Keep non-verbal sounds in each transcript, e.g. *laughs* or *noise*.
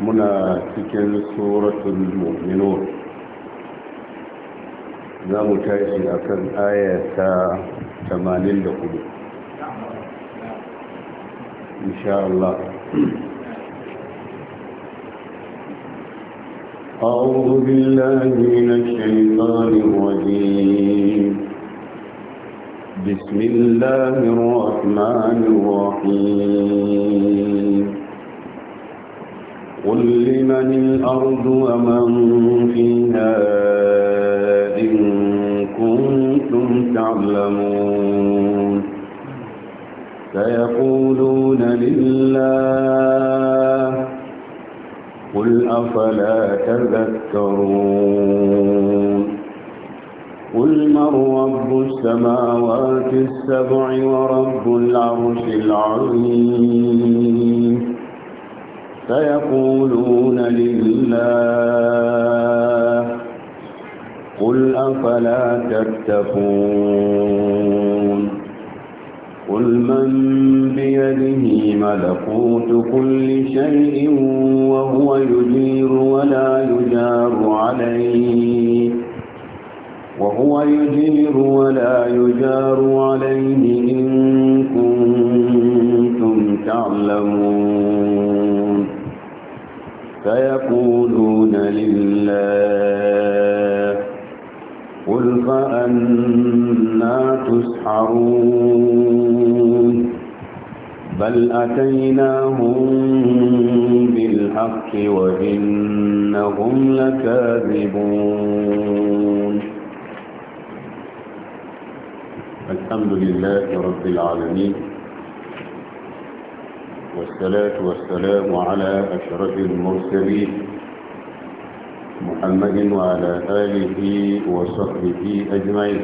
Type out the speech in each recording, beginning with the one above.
muna cikin tsoratun mu'minun za mu tashi a kan ayata 84 insha Allah أعوذ بالله من الشيطان الرجيم بسم الله الرحمن الرحيم قل لمن الأرض ومن فيها إن كنتم تعلمون سيقولون لله قل أفلا تذكرون قل من رب السماوات السبع ورب العرش العظيم فيقولون لله قل أفلا تتقون قل من بيده ملكوت كل شيء وهو يجير ولا يجار عليه وهو يجير ولا يجار عليه إن كنتم تعلمون فيقولون لله قل فأنا تسحرون بل أتيناهم بالحق وإنهم لكاذبون الحمد لله رب العالمين والصلاة والسلام على أشرف المرسلين محمد وعلى آله وصحبه أجمعين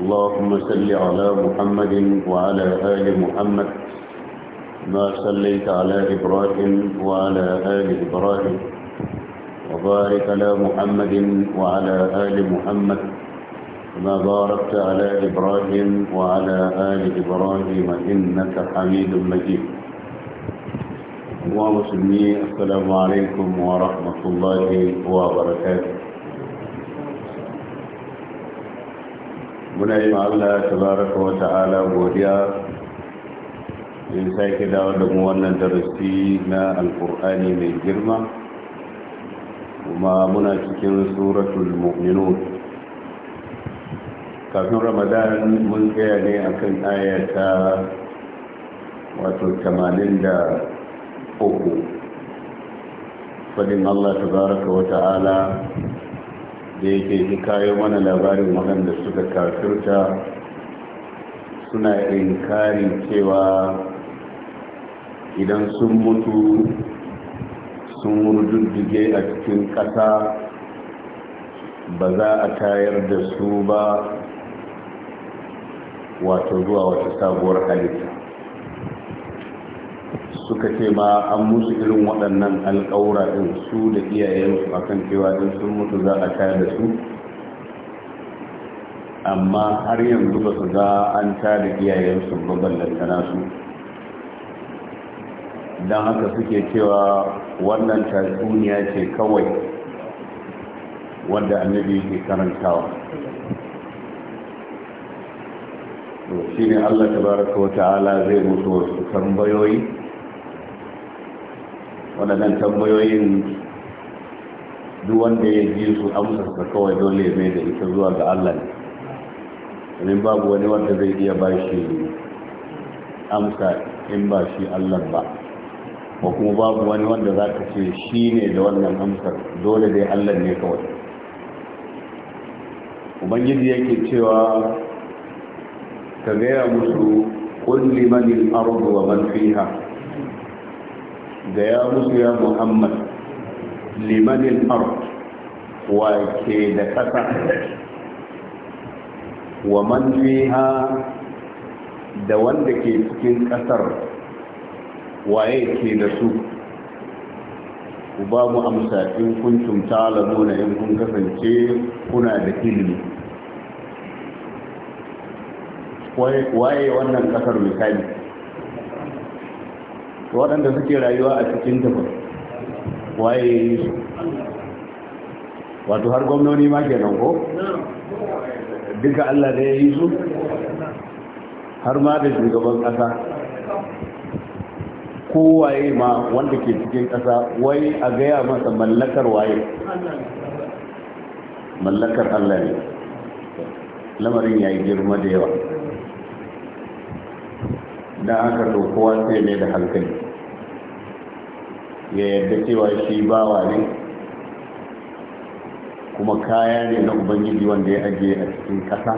اللهم صل على محمد وعلى آل محمد ما صليت على إبراهيم وعلى آل إبراهيم وبارك على محمد وعلى آل محمد ما باركت على إبراهيم وعلى آل إبراهيم إنك حميد مجيد ومسلمين السلام عليكم ورحمة الله وبركاته منعيم الله تبارك وتعالى وديا من سيك دعوة دموانا درسينا القرآن من جرمة وما منعشكين سورة المؤمنون كافر رمضان من جاني أكن آية وتو uku fadin Allah tabaraka wata ala da yake kayo mana labarin waɗanda suka kafirta suna inkari cewa idan sun mutu sun rududdige a cikin ƙasa ba za a tayar da su ba wato zuwa wata sabuwar halitta suka ce ma an musu irin waɗannan alƙawura ɗin su da iyayensu a kan cewa ɗin sun mutu za a da su amma har yanzu ba su za an ta da iyayensu ba ballantana su don haka suke cewa wannan tatsuniya ce kawai wanda annabi ke karantawa to ne Allah baraka wa ta'ala zai mutu wasu tambayoyi waɗannan tambayoyin duk wanda ya ji su amsa ta kawai dole ya mai da ita zuwa ga Allah ne domin babu wani wanda zai iya ba shi amsa in ba shi Allah ba ko kuma babu wani wanda za ka ce shi ne da wannan amsar dole dai Allah ne kawai ubangiji yake cewa ka gaya musu kulli manil ardu wa man fiha ga ya musu ya muhammad limanin art wa ke da ƙasa wa man fiha da wanda ke cikin ƙasar waye ke da su ku ba mu amsa in kun cumta lamuna in kun kasance kuna da ilimi waye wannan ƙasar kai? waɗanda suke rayuwa a cikin tafi waye yi su wato har gwamnoni ma kenan ko duka allah da ya yi su har ma da shugaban ƙasa kowaye ma wanda ke cikin ƙasa wai a gaya masa mallakar waye mallakar allah ne lamarin ya yi girma da yawa don haka to kowa sai da hankali ya yadda cewa shi bawa ne kuma kaya ne na ubangiji wanda ya ajiye a cikin ƙasa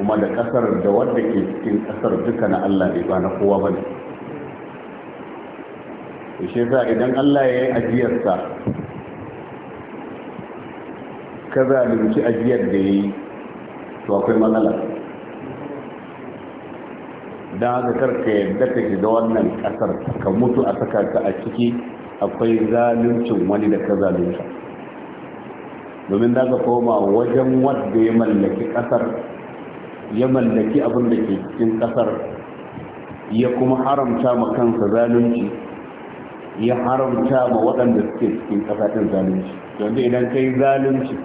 kuma da ƙasar da wadda ke cikin ƙasar duka na allah ne ba na kowa ba ne shi yasa idan allah ya yi ajiyarsa ka zalunci ajiyar da ya yi to akwai matsala don haka karka yadda ka shiga wannan kasar ka mutu a saka ka a ciki akwai zaluncin wani da ka zalunta domin za ka koma wajen wadda ya mallaki kasar ya mallaki abin da ke cikin kasar ya kuma haramta ma kansa zalunci ya haramta ma waɗanda suke cikin ƙasa ɗin zalunci yanzu idan ka yi zalunci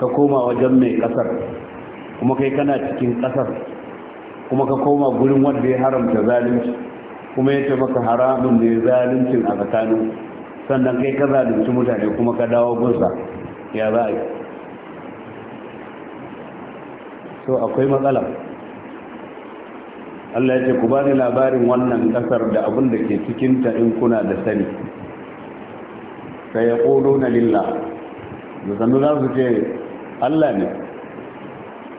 ka koma wajen mai ƙasar kuma kai kana cikin ƙasar kuma ka koma gurin wanda ya haramta zalunci kuma ya ce maka haramun ya zaluncin a tsakanin sannan kai ka zalunci mutane kuma ka dawo gunsa ya za a yi so akwai matsala Allah ya ce ku bani labarin wannan kasar da abin da ke cikinta in kuna da sani ka ya ƙodo na lilla da sannu za su ce Allah ne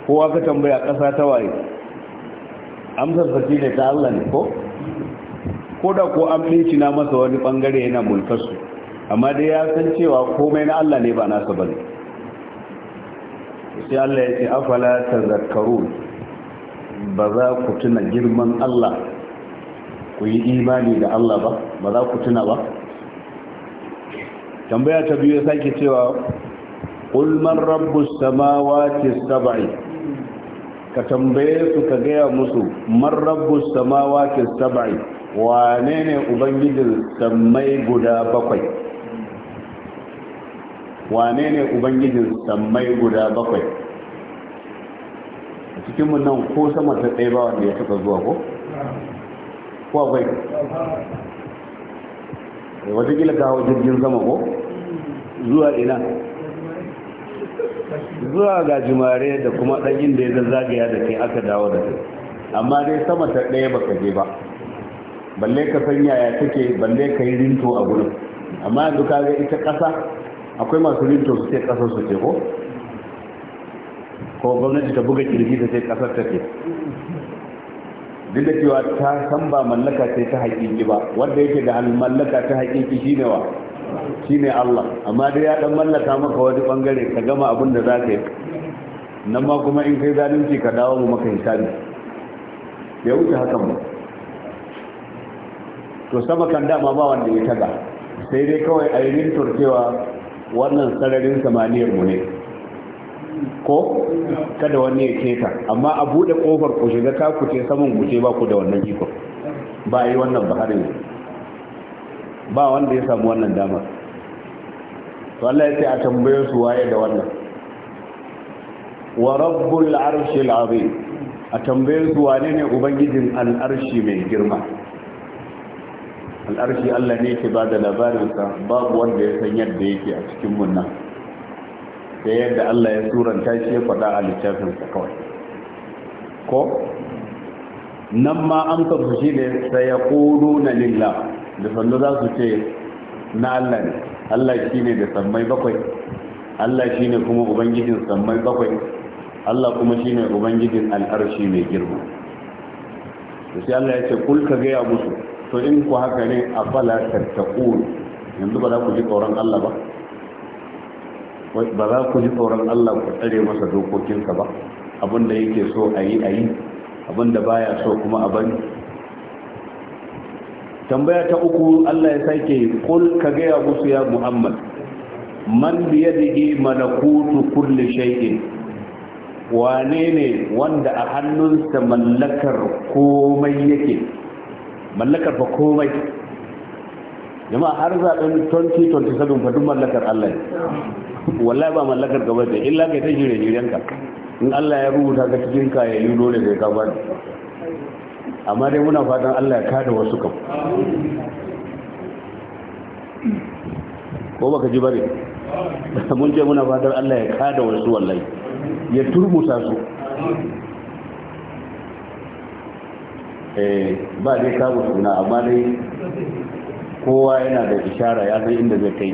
kowa ka tambaya ƙasa ta waye amsar sa ne ta Allah ne ko ko da ko an na masa wani bangare yana mulkar su amma dai ya san cewa komai na Allah ne ba nasa bane sai Allah ya ce afala zakaru ba za ku tuna girman Allah ku yi imani da Allah ba ba za ku tuna ba tambaya ta biyu ya sake cewa qul man rabbus samawati sab'i ka tambaye su ka gaya musu man rabbu samawati sab'i wane ne ubangijin sammai guda bakwai wane ne ubangijin sammai guda bakwai a cikin mun nan ko sama ta ɗaya ba wanda ya taɓa zuwa ko ko akwai wata kila hau jirgin sama ko zuwa ina zuwa ga jimare da kuma ɗan inda ya zazzagaya da ke aka dawo da kai amma dai sama ta ɗaya baka je ba balle ka san yaya take balle ka yi rinto a gudun, amma yanzu ka ga ita ƙasa akwai masu rinto su ce ƙasar su ce ko ko gwamnati ta buga kirji ta ce ƙasar ta ce duk da cewa ta san ba mallaka ce ta haƙiƙi ba wanda yake da mallaka ta haƙiƙi ne wa shi ne Allah amma dai ya dan mallaka maka wani bangare ka gama abin da zaka yi nan ma kuma in kai zalunci ka dawo mu maka hisabi ya wuce hakan ba to sama kan dama ba wanda ya taga sai dai kawai a yi cewa wannan sararin samaniyar mu ne ko kada wani ya keta amma a buɗe kofar ku shiga ka kuce saman kuce ba ku da wannan iko ba yi wannan ba har yanzu ba wanda ya samu wannan damar to Allah ya ce a tambaye su waye da wannan wa rabbul arshil azim a tambaye su wane ne ubangijin al'arshi mai girma al'arshi Allah ne ke ba da labarinsa babu wanda ya san yadda yake a cikin munna. nan sai yadda Allah ya suranta shi ya faɗa a littafinsa kawai ko nan ma amsa su shi ne sai ya ƙudu na lillah da sannu za su ce na Allah ne Allah shi ne da sammai bakwai Allah shi ne kuma ubangijin sammai bakwai Allah kuma shi ne ubangijin al'arshi mai girma da sai Allah ya ce kulka ka gaya musu to in ku haka ne a fala tattaku. yanzu ba za ku ji tsoron Allah ba ba za ku ji tsoron Allah ku tsare masa dokokinsa ba abinda yake so a yi a yi abinda baya so kuma a bari tambaya ta uku Allah ya sake kul ka gaya musu ya Muhammad man biyadihi malakutu kulli shay'in wane ne wanda a hannunsa mallakar komai yake mallakar fa komai jama'a har zaben 2027 fa duk mallakar Allah wallahi ba mallakar gaba da illa kai ta jire jirenka in Allah ya rubuta ka cikin ka ya yi dole sai ka bani amma dai muna fatan Allah ya kada wasu kan ko baka ji bare *laughs* mun je muna fatan Allah ya kada wasu wallahi ya turmusa su eh ba dai kawo suna amma dai kowa yana da ishara ya san inda zai kai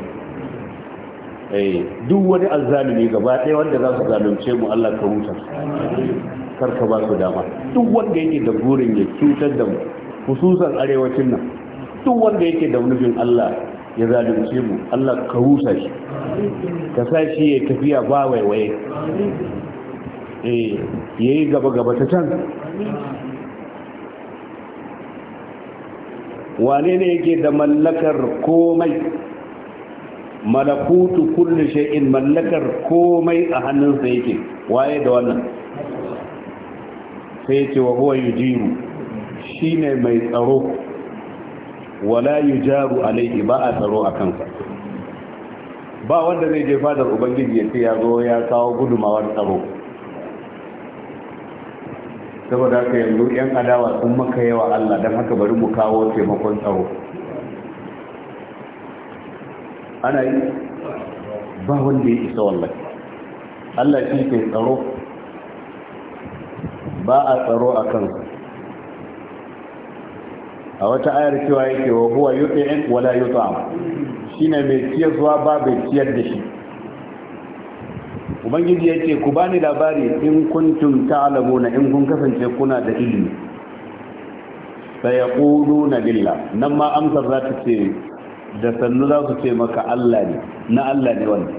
eh, duk wani azzalumi gaba ɗaya wanda za su zalunce mu Allah ka rusa. karka ba su dama duk wanda yake da burin ya cutar da mu hususan arewacin nan duk wanda yake da nufin Allah ya zalunce mu Allah ka rusa shi ka sa shi ya tafiya ba waiwaye eh yayi gaba gaba ta can wane ne yake da mallakar komai malakutu kulli shay'in mallakar komai a hannunsa yake waye da wannan sai ce wa huwa yujiru shine mai tsaro wala yujaru alaihi ba a tsaro a kansa ba wanda zai je fadar ubangiji ya ce ya zo ya kawo gudumawar tsaro saboda haka yanzu yan adawa sun maka yawa Allah don haka bari mu kawo taimakon tsaro ana yi ba wanda ya isa wallahi Allah shi ke tsaro ba a tsaro a kansa. a wata ayar cewa yake wa huwa yut'im wala yut'am shine mai ciyar ba bai ciyar da shi ubangiji yake ku bani labari in kuntum ta'lamuna in kun kasance kuna da ilimi sayaquluna billah nan ma amsa za ta ce da sannu za su ce maka Allah ne na Allah ne wannan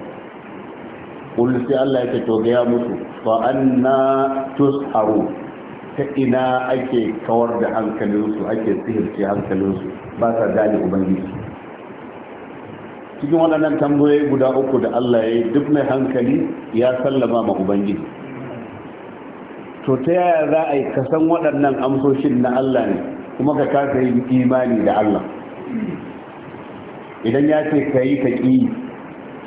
kullu sai Allah yake to ga ya mutu Fa anna tusharu ta ina ake kawar da hankalin su ake sihirce su, ba sa gane ubangiji cikin waɗannan tambayoyi guda uku da Allah ya yi duk mai hankali ya sallama ma ubangiji to ta yaya za a yi ka san waɗannan amsoshin na Allah ne kuma ka kasa yi imani da Allah idan ya ce ka yi ka ƙi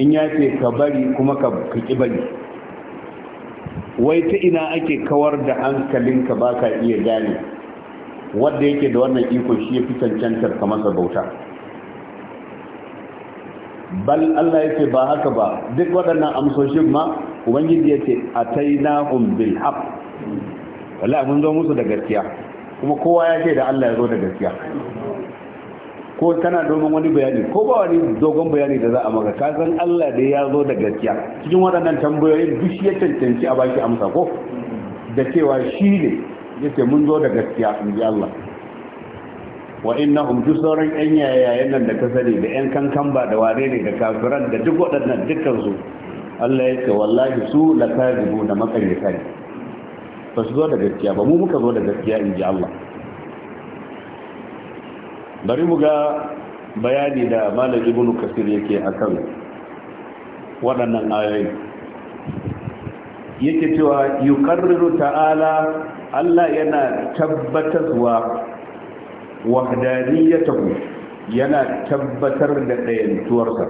in ya ce ka bari kuma ka ƙi bari wai ta ina ake kawar da hankalinka ba ka iya gane wadda yake da wannan iko shi ya fi cancantar ka masa bauta bal Allah yake ba haka ba duk waɗannan amsoshin ma ubangiji yi na'un bil haf Wala mun zo musu da gaskiya kuma kowa ya ce da Allah ya zo da gaskiya ko tana domin wani bayani ko ba wani dogon bayani da za a maka ka san Allah da ya zo da gaskiya cikin waɗannan tambayoyin duk ya cancanci a baki amsa ko da cewa shi ne yace mun zo da gaskiya in ji Allah wa innahum duk sauran yan yayayen nan da ka sani da yan kankan ba da ware ne da kafiran da duk waɗannan dukkan su Allah ya ce wallahi su la kazibu da makaryata ba su zo da gaskiya ba mu muka zo da gaskiya in ji Allah bari mu ga bayani da malam ibnu kasir yake akan waɗannan ayoyi yake cewa yuqarriru ta'ala Allah yana tabbatarwa wahdaniyatahu yana tabbatar da ɗayantuwarsa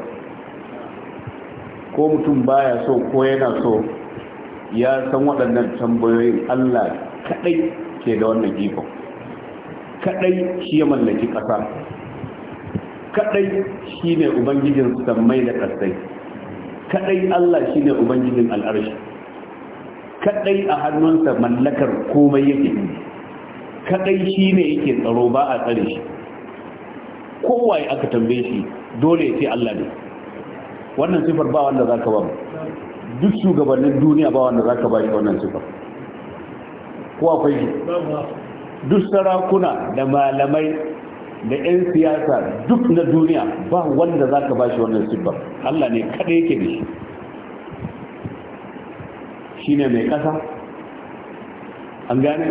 ko mutum baya so ko yana so ya san waɗannan tambayoyin Allah kaɗai ke da wannan ikon kadai shi ya mallaki ƙasa kadai shi ne ubangijin sammai da ƙasai kadai Allah shi ne ubangijin al'arshi kadai a hannunsa mallakar komai yake kadai shi ne yake tsaro ba a tsare shi kowaye aka tambaye shi dole ya ce Allah ne wannan sifar ba wanda za ka ba duk shugabannin duniya ba wanda za ka ba shi wannan sifar ko akwai duk sarakuna da malamai da 'yan siyasa duk na duniya ba wanda za ka ba shi wannan siffar Allah ne kaɗai yake da shi shi ne mai ƙasa an gane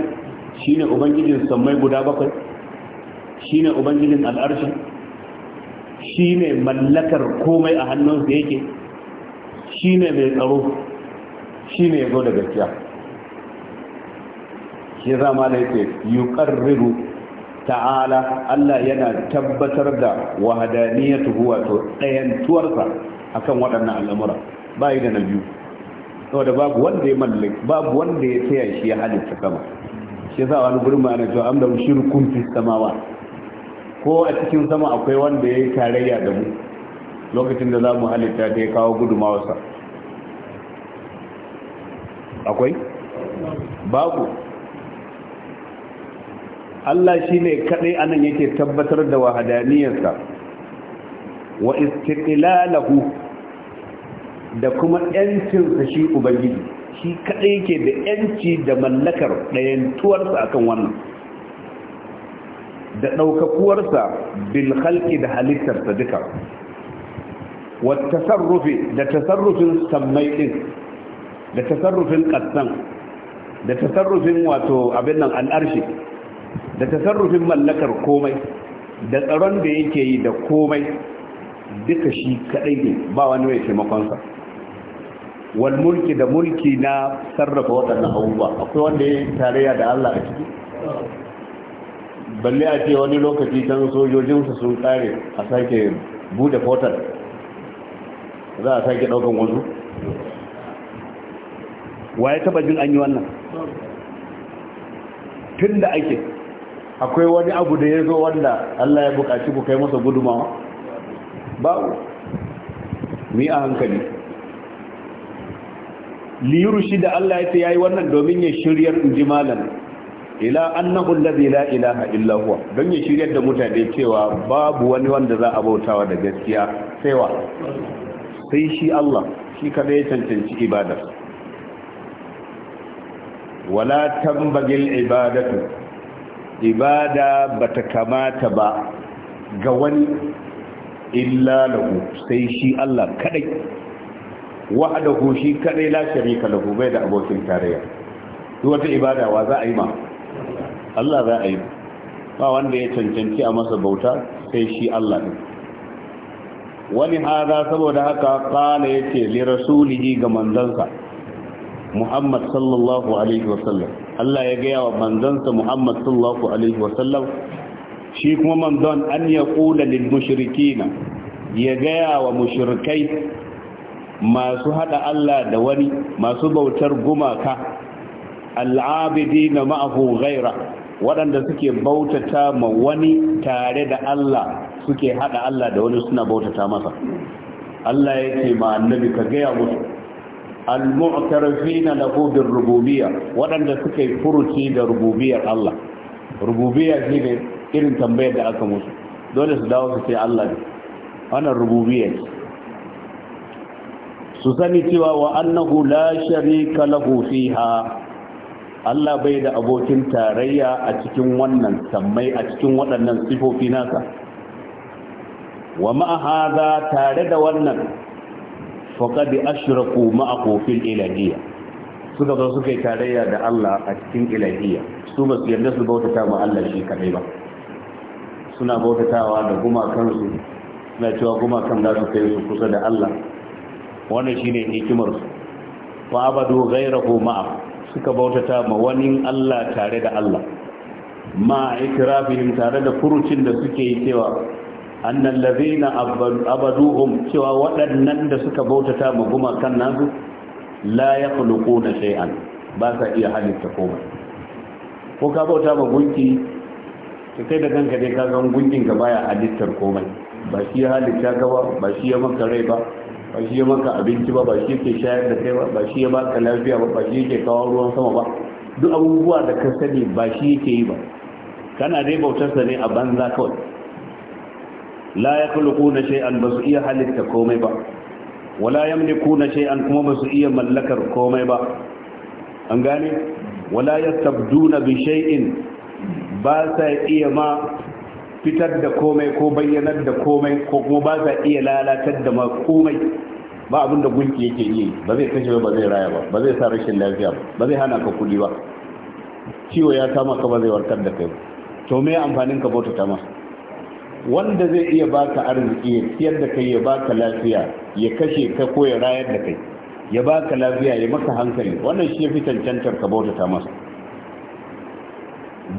shi ne ubangijin sammai guda bakwai shi ne ubangijin al'arshi shi ne mallakar komai a hannunsa yake shi ne mai tsaro shi ne ya zo da gaskiya shi yasa malai ce yuqarriru ta'ala Allah yana tabbatar da wahadaniyatuhu wato tsayantuwarsa akan waɗannan al'amura ba yi da na biyu saboda babu wanda ya mallaki babu wanda ya tsaya shi ya halitta sama shi yasa wani gurin ma ana cewa amda shirkun fi samawa ko a cikin sama akwai wanda ya yi tarayya da mu lokacin da za mu halitta ta ya kawo gudumawarsa akwai babu Allah shi ne kaɗai anan yake tabbatar da wahadaniyarsa wa istiqlalahu da kuma ‘yancinsa shi Ubangiji shi kaɗai yake da ‘yanci da mallakar ɗayantuwarsa akan wannan da ɗaukakuwarsa khalqi da halittarsa duka wa tasarrufi da tasarrufin sammai ɗin da tasarrufin ƙasan da tasarrufin wato abin nan al'arshi da tasarrufin mallakar komai da tsaron da yake yi da komai duka shi kadai ne ba wani mai taimakonsa wal mulki da mulki na sarrafa waɗannan abubuwa akwai wanda ya tarayya da Allah a ciki balle a ce wani lokaci can sojojinsu sun tsare a sake bude fotar za a sake ɗaukan wasu wa ya taɓa jin an yi wannan tun da ake akwai wani abu da ya zo wanda Allah ya bukaci ku kai masa gudumawa ba mu a hankali liru shi da Allah ya ce yayi wannan domin ya shiryar inji malam ila annahu allazi la ilaha illa huwa don ya shiryar da mutane cewa babu wani wanda za a bautawa da gaskiya sai wa sai shi Allah shi kada ya cancanci ibadar wala tambagil ibadatu ibada bata kamata ba ga wani illa lahu sai shi Allah kadai wa'adahu shi kadai la sharika lahu bai da abokin tarayya duk wata ibada wa za a yi ma Allah za a yi ba wanda ya cancanci a masa bauta sai shi Allah ne wani haza saboda haka kala yace li rasulihi ga manzansa Muhammad sallallahu alaihi wasallam Allah ya gaya wa manzansa Muhammad sallallahu alaihi wasallam shi kuma manzon an ya kula lil mushrikina ya gaya wa mushrikai masu haɗa Allah da wani masu bautar gumaka al'abidina ma'ahu ghaira waɗanda suke bautata ma wani tare da Allah suke haɗa Allah da wani suna bautata masa Allah yake ma annabi ka gaya musu al-mu'tarifina lahu bir-rububiyya waɗanda suka yi furuci da rububiyar Allah rububiyya shine irin tambayar da aka musu dole su dawo su ce Allah ne wannan rububiyya su sani cewa wa annahu la sharika lahu fiha Allah bai da abokin tarayya a cikin wannan sammai a cikin waɗannan sifofi nasa wa ma'a tare da wannan faqad ashraku ma'ahu fil ilahiyya suka zo suka yi tarayya da Allah a cikin ilahiyya su ba su yarda su bautata ma Allah shi kaɗai ba suna bautatawa da gumakansu suna cewa gumakan za su kai su kusa da Allah wannan shine hikimar su fa abadu ghayrahu ma'a suka bautata ma wani Allah tare da Allah ma ikrafihim tare da furucin da suke yi cewa annan lazina abaduhum cewa waɗannan da suka bautata ma kan nazu, la ya kuluku na shay'an ba sa iya halitta komai ko ka bauta ma gunki ta kai da kanka dai kagan gunkin ka baya halittar komai ba shi ya halitta ka ba ba shi ya maka rai ba ba shi ya maka abinci ba ba shi yake shayar da kai ba ba shi ya baka lafiya ba ba shi yake kawo ruwan sama ba duk abubuwa da ka sani ba shi yake yi ba kana dai bautarsa ne a banza kawai la ya na shay'an ba su iya halitta komai ba wala na shay'an kuma ba su iya mallakar komai ba an gane wala yastabduna bi shay'in ba sa iya ma fitar da komai ko bayyanar da komai ko kuma ba sa iya lalatar da ma komai ba abin da gunki yake yi ba zai kashe ba zai raya ba ba zai sa rashin lafiya ba zai hana ka kuɗi ba ciwo ya kama ka ba zai warkar da kai to me amfanin ka bauta ta masa wanda zai iya baka arziki ya da kai ya baka lafiya ya kashe ka ko ya rayar da kai ya baka lafiya ya maka hankali wannan shi fi cancantar ka bauta ta masa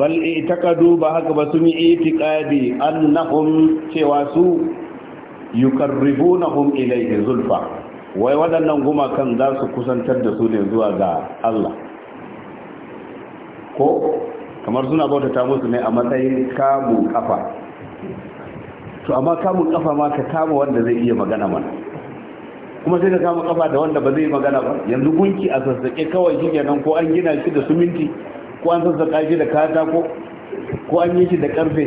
bal i'taqadu ba haka ba sun yi itiqadi annahum cewa su yuqarribunahum ilayhi zulfa wai waɗannan gumakan za su kusantar da su ne zuwa ga Allah ko kamar suna bauta ta musu ne a matsayin kamun kafa to amma kamun kafa ma ka kama wanda zai iya magana mana kuma sai ka kama kafa da wanda ba zai magana ba yanzu gunki a sassaƙe kawai shi kenan ko an gina shi da suminti ko an sassaƙa shi da katako ko an yi shi da ƙarfe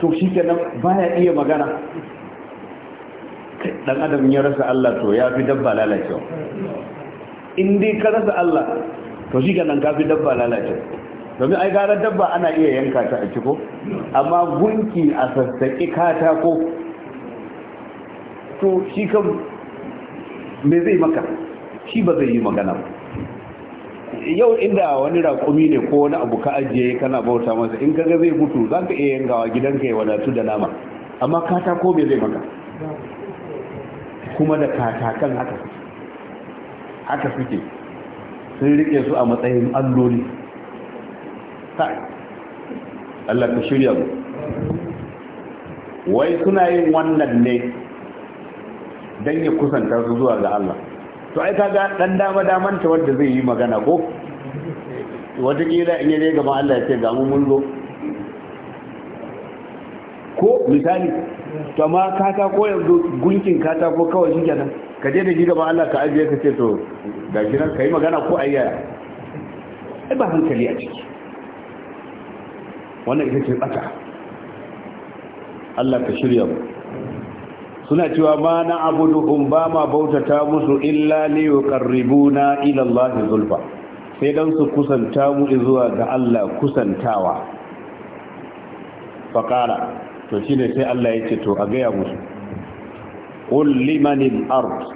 to shi kenan baya iya magana dan adam ya rasa Allah to ya fi dabba lalacewa in dai ka rasa Allah to shi kenan ka fi dabba lalacewa domin ai gara dabba ana iya yanka ta a ciko amma gunki a sassaƙi katako to shi kan me zai maka shi ba zai yi magana ba yau inda wani raƙumi ne ko wani abu ka ajiye kana bauta masa in kaga zai mutu za ka iya yankawa gidanka ya wadatu da nama amma katako me zai maka kuma da katakan haka haka suke sun riƙe su a matsayin alloli kai Allah ka shirya mu wai suna yin wannan ne dan ya kusanta su zuwa ga Allah to ai kaga dan dama daman ta wanda zai yi magana ko wata kila in ga gaban Allah ya ce ga mu mun zo ko misali to ka ta ko yanzu gunkin ta ko kawai shi kenan ka je da shi gaban Allah ka ajiye ka ce to ga shi nan kai magana ko ayyaya ai ba hankali a ciki wannan ita ce tsaka Allah ka shirya mu suna cewa ma na abuduhum ba ma bautata musu illa li yuqarribuna ila Allah zulfa sai dan su kusanta mu zuwa ga Allah kusantawa faqala to shine sai Allah yace to a ga ya musu qul liman al-ard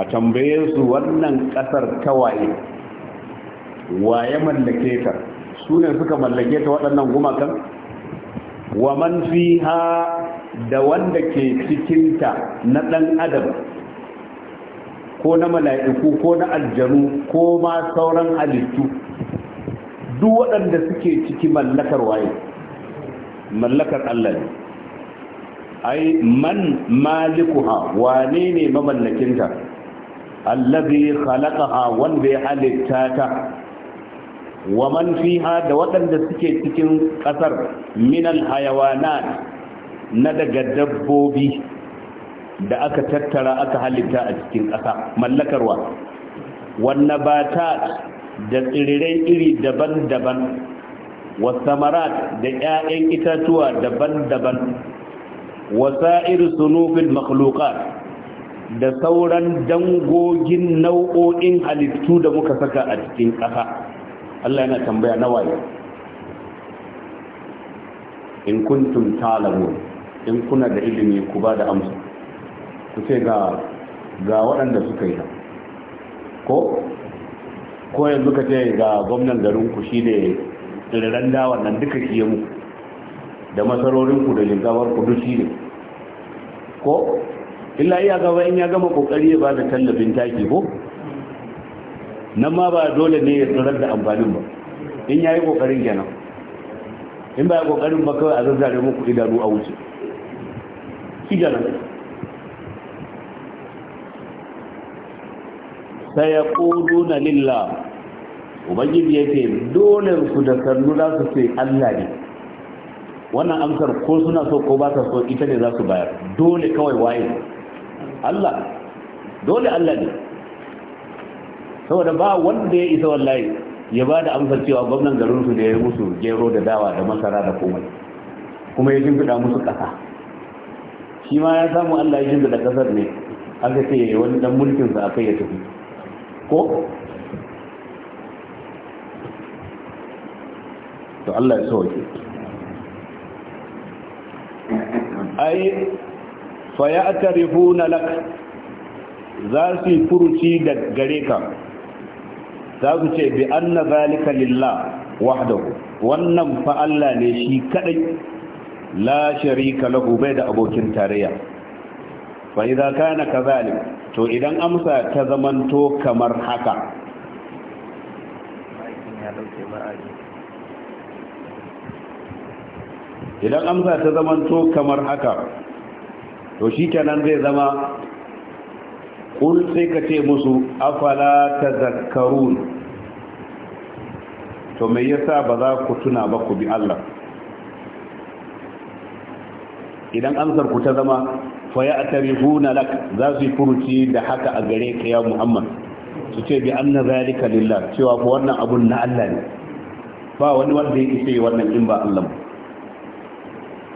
a tambaye su wannan kasar tawaye waye mallake ka su ne suka mallake ta waɗannan gumakan wa man fiha da wanda ke cikinta na ɗan adam ko na mala'iku ko na aljanu ko ma sauran halittu duk waɗanda suke ciki mallakar waye mallakar Allah ne ai man malikuha wane ne mamallakinta allazi khalaqaha wanda ya halitta ta wa man fiha da waɗanda suke cikin ƙasar minal hayawana na daga dabbobi da aka tattara aka halitta a cikin ƙasa mallakarwa ba bata da tsirrai iri daban-daban wasamarat da 'ya'yan itatuwa daban-daban iri sunufin makhluqat da sauran dangogin nau'o'in halittu da muka saka a cikin ƙasa Allah yana tambaya na waye in kuntum talamun in kuna da ilimi ku ba da amsa ku ce ga ga waɗanda suka yi ko ko yanzu ka ce ga gwamnan garin ku shi ne tsirran dawan nan duka shi mu da masarorin ku da jigawar ku duk shi ne ko illa iya gaba in ya gama kokari ya ba da tallafin taki ko nan ma ba dole ne ya tsirar da amfanin ba in ya yi ƙoƙarin kenan in ba ya ƙoƙarin ba kawai a zazzare muku idanu a wuce shi kenan sai ya kudu na lilla ubangiji ya ce dole su da sannu za su sai allah ne wannan amsar ko suna so ko ba ta so ita ne za su bayar dole kawai waye allah dole allah ne saboda ba wanda ya isa wallahi ya ba da amsar cewa gwamnan garinsu da ya musu gero da dawa da masara da komai kuma ya shimfiɗa musu ƙasa shi ma ya samu allah ya shimfiɗa ƙasar ne aka ce wani dan mulkin sa aka ya tafi ko to allah ya sauke ai fa ya lak za su yi furuci da gare ka za su ce bi anna zalika lillah wahdahu wannan fa Allah ne shi kadai la sharika lahu bai da abokin tarayya fa idza kana kadhalik to idan amsa ta zamanto kamar haka idan amsa ta zamanto kamar haka to shikenan zai zama kul sai ka ce musu afala tazakkarun to me yasa ba za ku tuna ba ku bi Allah idan amsar ku ta zama na lak za su furuci da haka a gare ka ya Muhammad su ce bi anna zalika lillah cewa ko wannan abun na Allah ne ba wani wanda yake ce wannan in ba Allah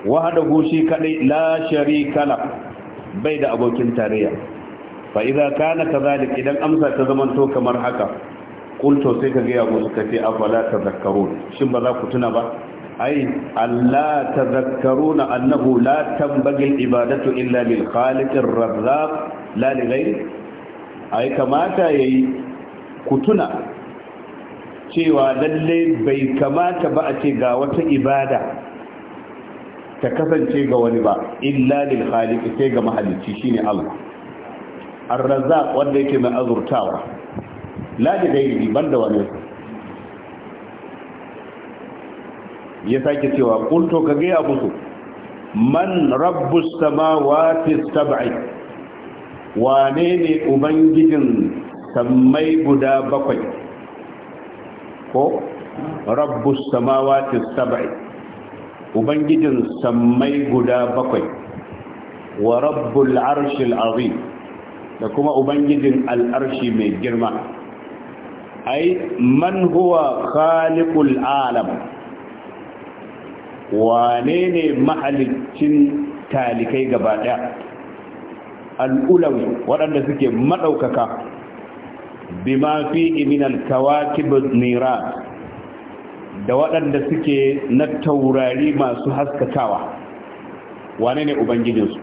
wahdahu shi kadai la sharika la bai da abokin tarayya fa idza kana kadhalik idan amsa ta zamanto kamar haka kulto sai ka gaya musu ka ce afala ta shin ba za ku tuna ba ai Allah ta zakaru na annahu la tambagil ibadatu illa lil khaliqir razzaq la li ghayri ai kamata yayi ku tuna cewa lalle bai kamata ba a ce ga wata ibada ta kasance ga wani ba illa lil khaliq sai ga mahalicci shine Allah ar-razzaq wanda yake mai azurtawa la da gairi ban da wani ya sake cewa kulto ka gaya musu man rabbus samawati sab'i wane ne ubangijin sammai guda bakwai ko rabbus samawati sab'i ubangijin sammai guda bakwai wa rabbul arshil azim da kuma ubangijin al'arshi mai girma ai man huwa khaliqul alam wane ne mahalicin talikai gaba daya al'ulawi waɗanda suke maɗaukaka bima fi min al-kawakib nira, da waɗanda suke na taurari masu haskakawa wane ne ubangijinsu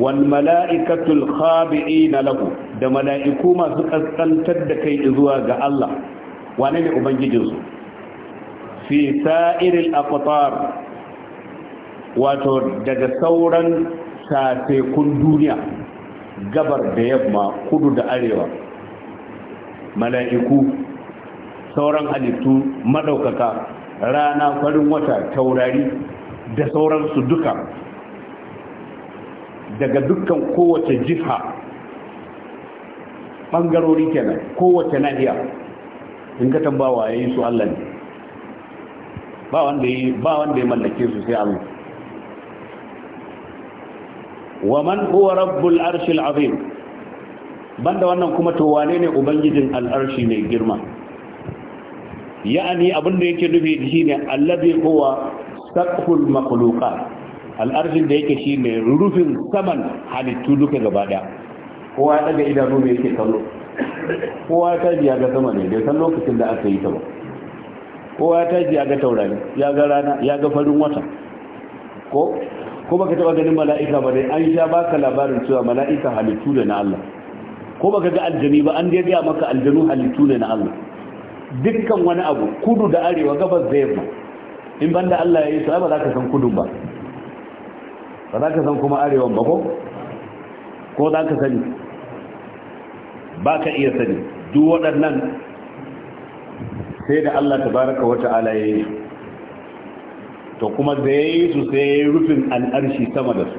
wal mala'ikatul khabi'ina lahu da mala'iku masu ƙasƙantar da kai zuwa ga Allah wane ne ubangijinsu fi sa'iril aqtar wato daga sauran satekun duniya gabar da yamma kudu da arewa mala'iku sauran halittu maɗaukaka, rana farin wata taurari da sauransu duka daga dukkan kowace jiha ɓangarori kenan kowace nahiya in ka tambawa ya yi su Allah ne ba wanda ya mallake su sai Allah wa man huwa rabbul arshil azim banda wannan kuma to wane ne ubangijin al'arshi mai girma ya'ani abin da yake nufi shine allazi huwa saqful makhluqat al'arshin da yake shine rufin saman halittu duka gaba daya kowa ya daga idanu mai yake kallo kowa ya taji ya ga sama ne bai san lokacin da aka yi ta ba kowa ya taji ya ga taurari ya ga rana ya ga farin wata ko ko baka taba ganin mala'ika ba dai an sha baka labarin cewa mala'ika halittu ne na Allah ko baka ga aljani ba an dai maka aljanu halittu ne na Allah dukkan wani abu kudu da arewa gabas da yamma in banda Allah ya yi sai ba za ka san Kudu ba ba za ka san kuma arewan ba ko ko za ka sani ba ka iya sani duk waɗannan sai da Allah tabaraka wa ta'ala ya yi to kuma da ya yi su sai ya yi rufin al'arshi sama da su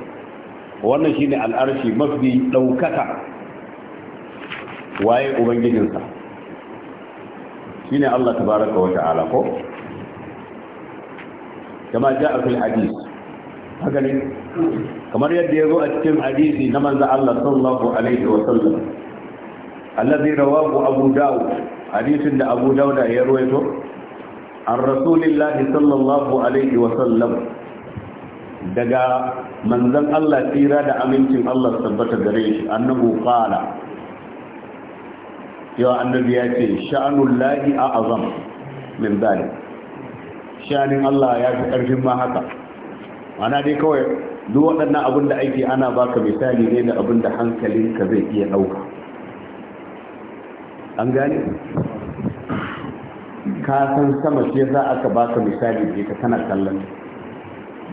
wannan ne al'arshi mafi ɗaukaka waye ubangijinsa ne Allah tabaraka wa ta'ala ko kama ja a fil hadis haka ne kamar yadda ya zo a cikin hadisi na manzo Allah sallallahu alaihi wa sallam allazi rawahu abu daud hadisin da abu dauda ya ruwaito an rasulillahi sallallahu alaihi wa sallam daga manzon Allah tsira da amincin Allah tabbata gare shi annabu qala yawa annabi ya ce sha'anullahi a'azam min zalik sha'anin Allah ya fi karfin ma haka ana dai kawai duk waɗannan abin da ake ana baka misali ne da abin da hankalinka zai iya ɗauka an gane ka san sama shi za aka baka misali da ita kana kallon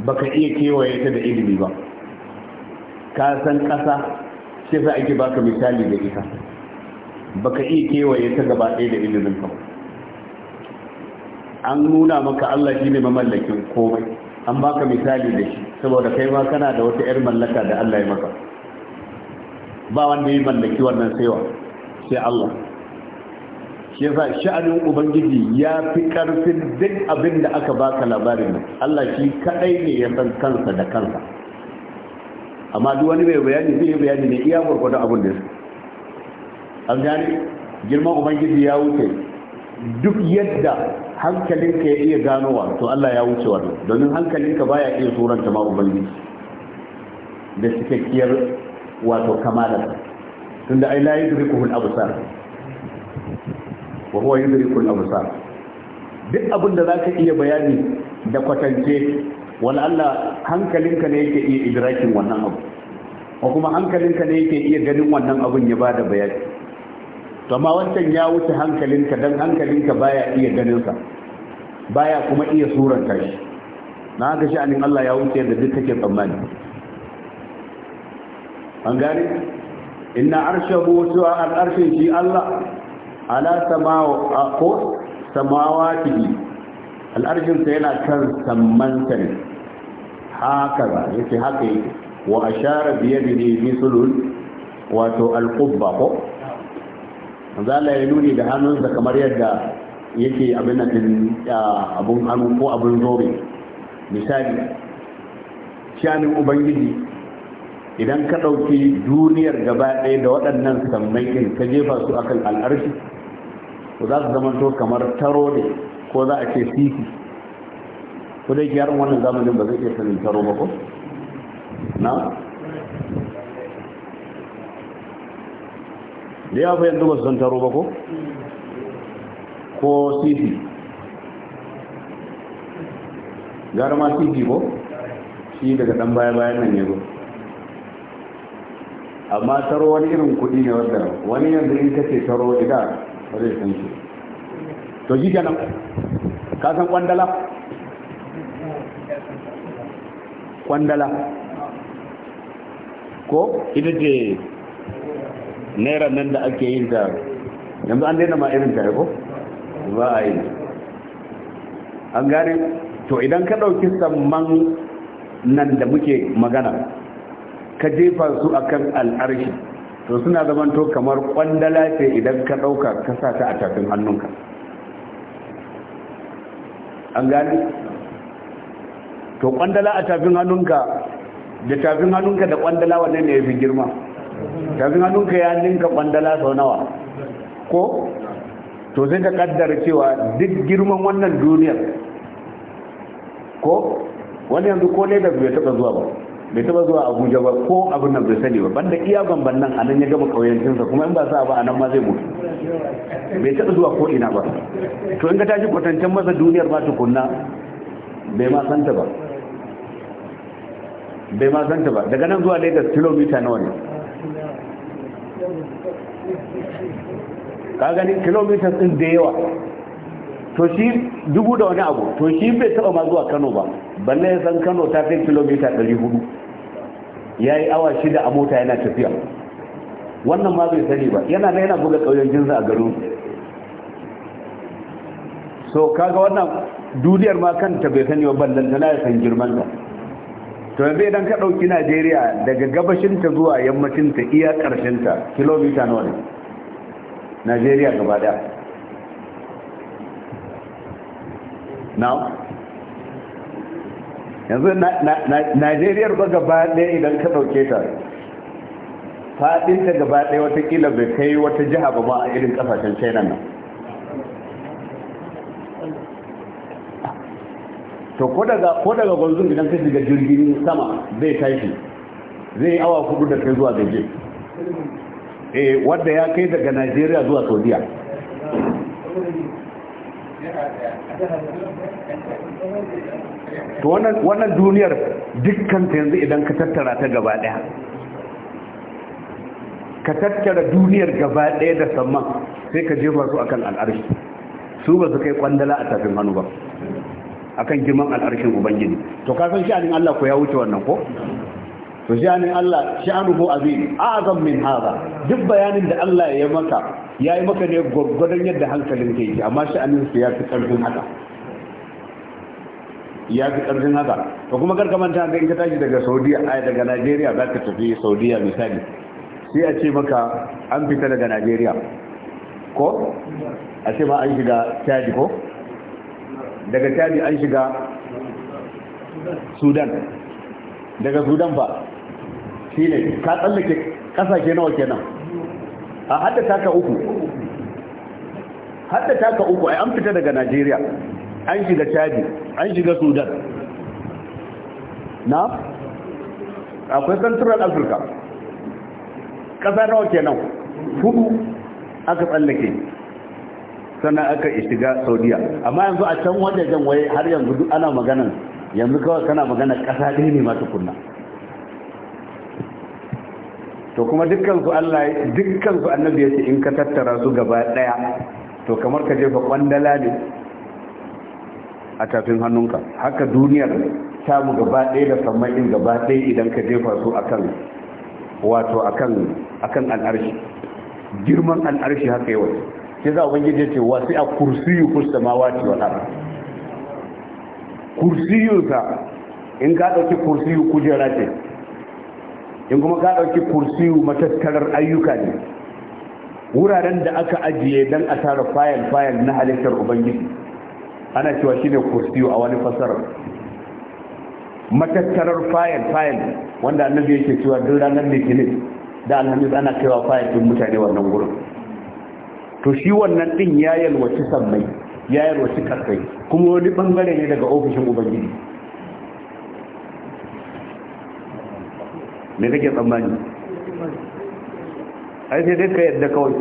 baka iya kewaye ta da ilimi ba ka san ƙasa shi za ake baka misali da ita baka iya kewaye ta gaba ɗaya da ilimin ka an nuna maka Allah shi ne mamallakin komai an baka misali da shi saboda kai ma kana da wata 'yar mallaka da Allah ya maka ba wanda ya mallaki wannan saiwa sai Allah shi yasa sha'anin ubangiji ya fi karfin duk abin da aka baka labarin Allah shi kadai ne ya san kansa da kansa amma duk wani mai bayani zai bayani ne iya gwargwadon abin da an gani girman ubangiji ya wuce duk yadda hankalinka ya iya ganowa to Allah ya wuce wannan domin hankalinka baya iya suranta ma ubangiji da cikakkiyar wato kamalar tunda ai la yudrikuhu al-absar wa huwa yudrikul absar duk abin da zaka iya bayani da kwatance wala Allah hankalinka ne yake iya idrakin wannan abu ko kuma hankalinka ne yake iya ganin wannan abun ya bada bayani to amma wancan ya wuce hankalinka dan hankalinka baya iya ganin sa baya kuma iya ta shi na haka anin Allah ya wuce da duk kake tsammani an gane inna arshahu wa su'a al-arshi Allah ala samawa ko samawatihi al'arshinsa yana kan sammanta ne haka ba yake haka yi wa ashara biyadihi mislun wato al-qubba ko zala ya nuni da hannunsa kamar yadda yake abin hannu ko abin zobe misali shanin ubangiji idan ka ɗauki duniyar gaba ɗaya da waɗannan sammai ka jefa su akan al'arshi to za su zama to kamar taro ne ko za a ce sisi ko dai yaran wannan zamanin ba zai iya sanin taro ba ko na da ya bayan yanzu su san taro ba ko ko sisi gara ma ko shi daga dan baya-bayan nan ne ba. amma taro wani irin kudi ne wadda wani yanzu in kace taro idan zai san to ji kenan ka san kwandala kwandala ko ita ce naira nan da ake yin ta yanzu an daina ma irin ta ko ba a yi an gane to idan ka ɗauki samman nan da muke magana ka jefa su akan al'arshi to suna to kamar kwandala ce idan ka ɗauka ka sa ta a tafin hannunka an gani to kwandala a tafin hannunka da tafin hannunka da kwandala wannan ne ya fi girma tafin hannunka ya ninka kwandala sau nawa ko to zai ka kaddara cewa duk girman wannan duniyar ko wani yanzu ko da bai taɓa zuwa ba bai taba zuwa abuja ba ko abin nan bai sani ba banda iya bamban nan a nan ya gama kauyancinsa kuma in ba sa ba a nan ma zai mutu bai taba zuwa ko ina ba to in ka tashi kwatancen masa duniyar ma tukunna bai ma santa ba bai ma santa ba daga nan zuwa lagos kilomita nawa ne ka gani kilomita din da yawa to shi dubu da wani abu to shi bai taba ma zuwa kano ba balle ya san kano ta kai kilomita 400 ya yi awa shida a mota yana tafiya wannan ma bai sani ba yana na yana buga ƙauyen jinsa a garin so kaga wannan duniyar ma kanta bai sani ba ballantana ya san girman ta to yanzu idan ka ɗauki najeriya daga gabashinta zuwa yammacin ta iya ta kilomita nawa ne najeriya gaba daya now yanzu najeriya ba gaba ɗaya idan ka ɗauke ta fadinta gaba ɗaya watakila bai kai wata jiha ba ba a irin ƙasashen china nan to ko daga gwanzu idan ka shiga jirgin sama zai tashi zai yi awa kudu da kai zuwa beijing eh wadda ya kai daga najeriya zuwa saudiya to wannan duniyar dukkan ta yanzu idan ka tattara ta gaba daya ka tattara duniyar gaba daya da samman sai ka jefa su akan al'arshi su ba su kai kwandala a tafin hannu ba akan girman al'arshin ubangiji to ka san sha'anin Allah ko ya wuce wannan ko to sha'anin Allah sha'anuhu azim azam min hada duk bayanin da Allah ya maka yayi maka ne gwargwadon yadda hankalin ka yake amma sha'anin su ya fi karfin haka ya fi ƙarfin haka to kuma kar manta ka in ka tashi daga saudiya ai daga najeriya za ka tafi saudiya misali sai a ce maka an fita daga najeriya ko a ce ma an shiga chadi ko daga chadi an shiga sudan daga sudan ba shi ne ka tsallake ƙasashe nawa kenan a haddata ka uku haddata ka uku ai an fita daga najeriya an shiga chadi an shiga sudan na akwai central africa ƙasa nawa kenan hudu aka tsallake sannan aka shiga saudiya amma yanzu a can wajajen waye har yanzu duk ana maganan yanzu kawai kana magana ƙasa ɗaya ne masu kunna to kuma dukkansu Allah dukkansu annabi ya ce in ka tattara su gaba daya to kamar ka jefa kwandala ne a tafin hannunka haka duniyar samu gaba ɗaya da sammanin gaba ɗaya idan ka jefa su kan wato akan kan al'arshi girman al'arshi haka yawa sai za a ubangiji ce wa sai a kursiyu kusa ma wal ard kursiyunsa in ka ɗauki kursiyu kujera ce in kuma ka ɗauki kursiyu matattarar ayyuka ne wuraren da aka ajiye don a tara fayal-fayal na halittar ubangiji ana cewa shine kursiyo a wani fasarar matattarar fayil fayil wanda annabi yake cewa duk ranar litinin da alhamis ana kaiwa fayil din mutane wannan gurin to shi wannan din ya yalwaci sammai ya yalwaci kasai kuma wani bangare ne daga ofishin ubangiji me kake tsammani ai sai dai ka yadda kawai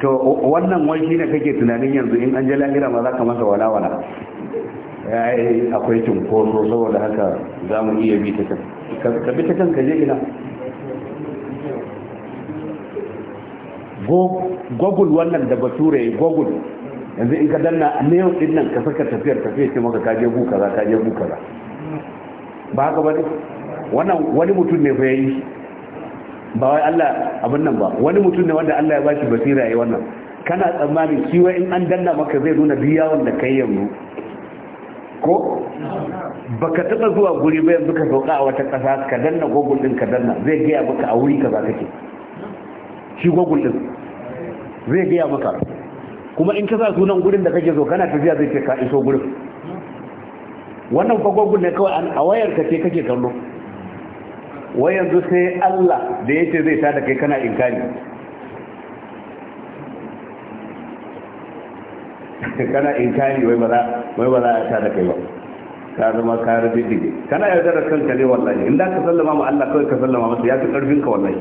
to wannan wani na kake tunanin yanzu in an je ira ma za ka masa walawala yi akwai tunkoso saboda haka za mu iya bi ta kan ka bi ta kan ka je ina Gogul wannan da bature Gogul, yanzu in ka danna neon din nan ka saka tafiyar tafiya ce maka kaje buka za kaje buka za ba haka ba ne wannan wani mutum ne fa yayi ba wai Allah abin nan ba wani mutum ne wanda Allah ya bashi basira yayi wannan kana tsammani shi in an danna maka zai nuna biya da kai yanzu ko baka taba zuwa guri ba yanzu ka sauka a wata ƙasa ka danna gogul din ka danna zai gaya maka a wuri ka za kake shi gogul din zai gaya maka kuma in ka sa sunan gurin da kake zo kana tafiya zai ce ka iso gurin wannan fa ne kawai a wayar ka ce kake kallo wai yanzu sai Allah da ya ce zai sa da kai kana inkari *laughs* kana inkari wai ba za a sa da kai ba ka zama ka rabe dige kana yarda da kanka ne wallahi in da ka sallama ma Allah kawai ka sallama masa ya fi karfin ka wallahi